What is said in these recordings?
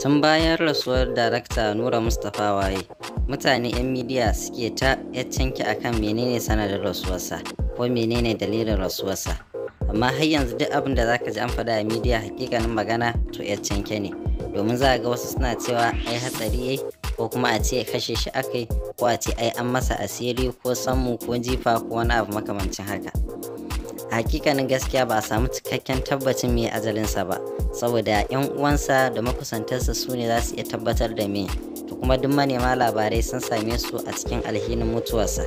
tun bayan rasuwar darakta nura mustapha waye mutane 'yan midiya suke ta a akan menene sanadin rasuwarsa ko menene dalilin rasuwarsa amma har yanzu duk abin da zaka ji an faɗa a midiya hakikanin magana to canke ne domin za ga wasu suna cewa ai hatsari yayi ko kuma a ce kashe shi akai ko a ce ai an masa asiri ko samu ko jifa ko wani abu makamancin haka hakikanin gaskiya ba a samu cikakken tabbacin mai ajalinsa ba saboda yan uwansa da makusantarsa su ne za su iya tabbatar da me to kuma duk manema labarai sun same su a cikin alhinin mutuwarsa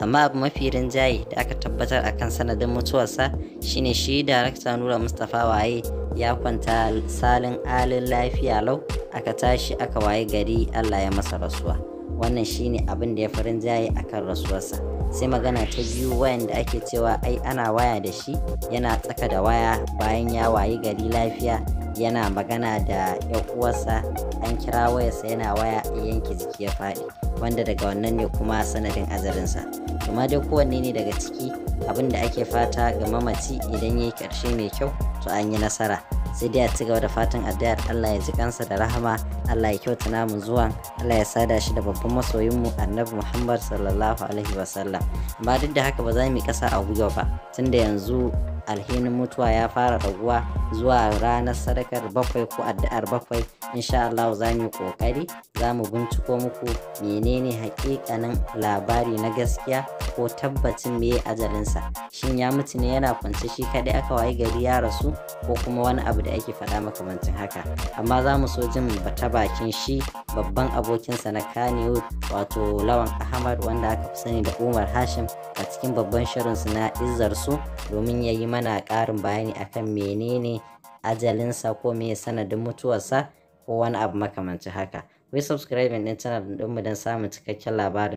amma abu mafi rinjaye da aka tabbatar a kan sanadin mutuwarsa shine shi darakta nura mustapha waye ya kwanta salin alin lafiya lau aka tashi aka waye gari allah ya masa rasuwa wannan shine abin da ya farin jaye akan rasuwarsa sai magana ta biyu wayan da ake cewa ai ana waya da shi yana tsaka da waya bayan ya wayi gari lafiya yana magana da yan uwarsa an kira wayarsa yana waya a yanke jiki ya faɗi wanda daga wannan ne kuma sanadin azarinsa kuma dai kowanne ne daga ciki abin da ake fata ga mamaci idan ya yi ƙarshe mai kyau to an yi nasara sai dai a ci gaba da fatan addu'ar Allah ya ji kansa da rahama Allah ya kyauta namu zuwan Allah ya sada shi da babban masoyin mu annabi Muhammad sallallahu alaihi wasallam amma duk da haka ba za mu kasa a gujewa ba tunda yanzu alhinin mutuwa ya fara raguwa zuwa ranar sadakar bakwai ko addu'ar bakwai insha Allah za mu kokari za mu binciko muku menene hakikanin labari na gaskiya ko tabbacin ajalin ajalinsa shin ya mutu ne yana kwance shi kadai aka waye gari ya rasu ko kuma wani abu da ake faɗa makamancin haka amma za mu so jin ta bakin shi babban abokinsa na kaniwood wato Lawan Ahmad wanda aka fi sani da Umar Hashim a cikin babban su na izzar su domin yayi yi mana ƙarin bayani akan menene ajalinsa ko me sanadin mutuwarsa ko wani abu makamanci haka. Ku subscribe subscribing ɗin channel ɗinmu don samun cikakken labarin.